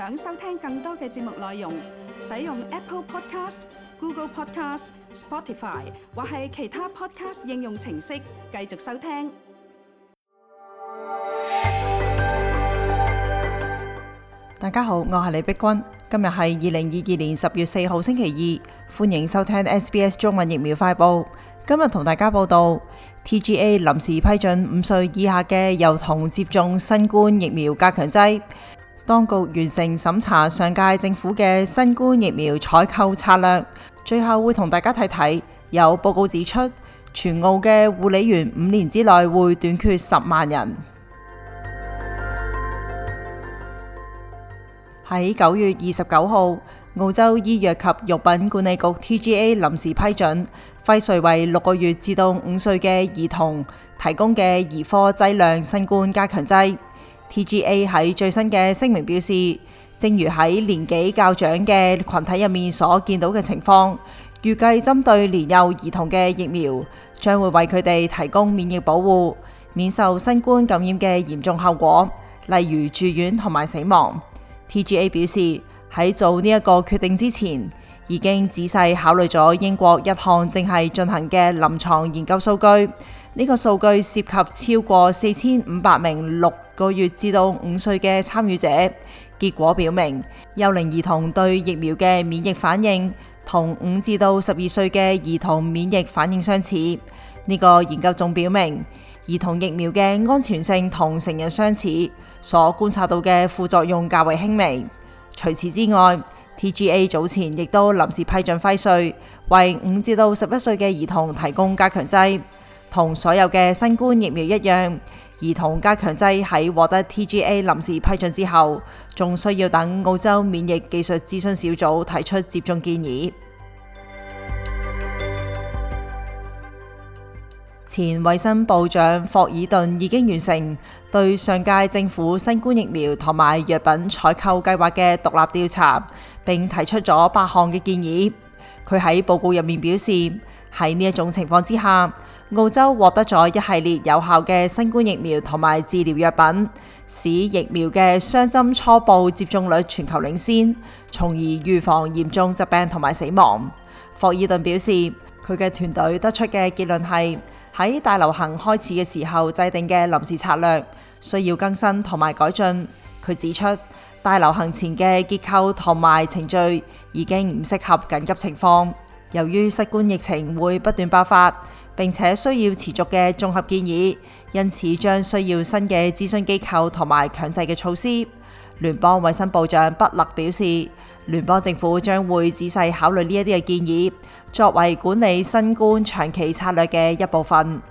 想收聽更多嘅節目內容，使用 Apple Podcast、Google Podcast、Spotify 或係其他 Podcast 應用程式繼續收聽。大家好，我係李碧君，今日係二零二二年十月四號星期二，歡迎收聽 SBS 中文疫苗快報。今日同大家報道：TGA 臨時批准五歲以下嘅幼童接種新冠疫苗加強劑。當局完成審查上屆政府嘅新冠疫苗採購策略，最後會同大家睇睇。有報告指出，全澳嘅護理員五年之內會短缺十萬人。喺九月二十九號，澳洲醫藥及用品管理局 TGA 臨時批准，輝瑞為六個月至到五歲嘅兒童提供嘅兒科劑量新冠加強劑。TGA 喺最新嘅聲明表示，正如喺年紀較長嘅群體入面所見到嘅情況，預計針對年幼兒童嘅疫苗將會為佢哋提供免疫保護，免受新冠感染嘅嚴重後果，例如住院同埋死亡。TGA 表示喺做呢一個決定之前，已經仔細考慮咗英國一項正係進行嘅臨床研究數據，呢、這個數據涉及超過四千五百名六個月至到五歲嘅參與者，結果表明，幼齡兒童對疫苗嘅免疫反應同五至到十二歲嘅兒童免疫反應相似。呢、這個研究仲表明，兒童疫苗嘅安全性同成人相似，所觀察到嘅副作用較為輕微。除此之外，TGA 早前亦都臨時批准輝瑞為五至到十一歲嘅兒童提供加強劑，同所有嘅新冠疫苗一樣。兒童加強劑喺獲得 TGA 臨時批准之後，仲需要等澳洲免疫技術諮詢小組提出接種建議。前衛生部長霍爾頓已經完成對上屆政府新冠疫苗同埋藥品採購計劃嘅獨立調查，並提出咗八項嘅建議。佢喺報告入面表示，喺呢一種情況之下，澳洲獲得咗一系列有效嘅新冠疫苗同埋治療藥品，使疫苗嘅雙針初步接種率全球領先，從而預防嚴重疾病同埋死亡。霍爾頓表示，佢嘅團隊得出嘅結論係喺大流行開始嘅時候制定嘅臨時策略需要更新同埋改進。佢指出，大流行前嘅結構同埋程序已經唔適合緊急情況，由於新冠疫情會不斷爆發，並且需要持續嘅綜合建議，因此將需要新嘅諮詢機構同埋強制嘅措施。聯邦衛生部長不勒表示，聯邦政府將會仔細考慮呢一啲嘅建議，作為管理新冠長期策略嘅一部分。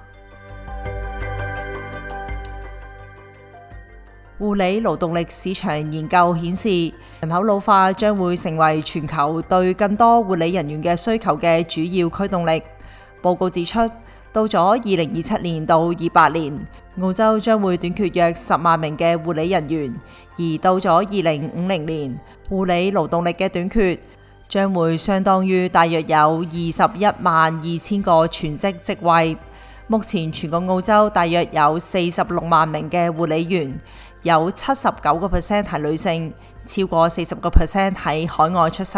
護 理勞動力市場研究顯示，人口老化將會成為全球對更多護理人員嘅需求嘅主要驅動力。報告指出，到咗二零二七年到二八年，澳洲將會短缺約十萬名嘅護理人員；而到咗二零五零年，護理勞動力嘅短缺將會相當於大約有二十一萬二千個全職職位。目前全個澳洲大約有四十六萬名嘅護理員，有七十九個 percent 係女性，超過四十個 percent 喺海外出世。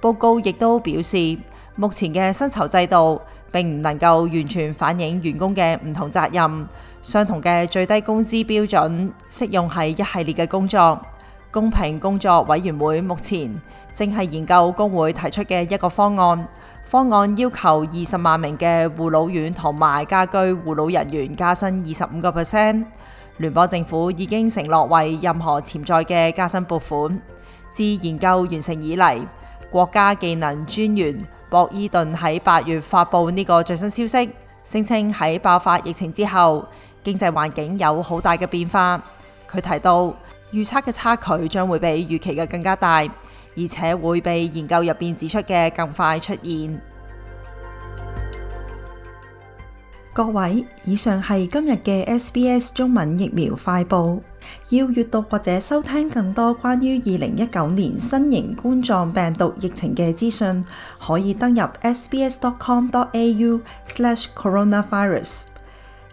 報告亦都表示，目前嘅薪酬制度並唔能夠完全反映員工嘅唔同責任，相同嘅最低工資標準適用喺一系列嘅工作。公平工作委員會目前正係研究工會提出嘅一個方案，方案要求二十萬名嘅護老院同埋家居護老人員加薪二十五個 percent。聯邦政府已經承諾為任何潛在嘅加薪撥款。自研究完成以嚟，國家技能專員。博伊頓喺八月發佈呢個最新消息，聲稱喺爆發疫情之後，經濟環境有好大嘅變化。佢提到預測嘅差距將會比預期嘅更加大，而且會比研究入邊指出嘅更快出現。各位，以上係今日嘅 SBS 中文疫苗快報。要閱讀或者收聽更多關於二零一九年新型冠狀病毒疫情嘅資訊，可以登入 sbs.com.au/coronavirus slash。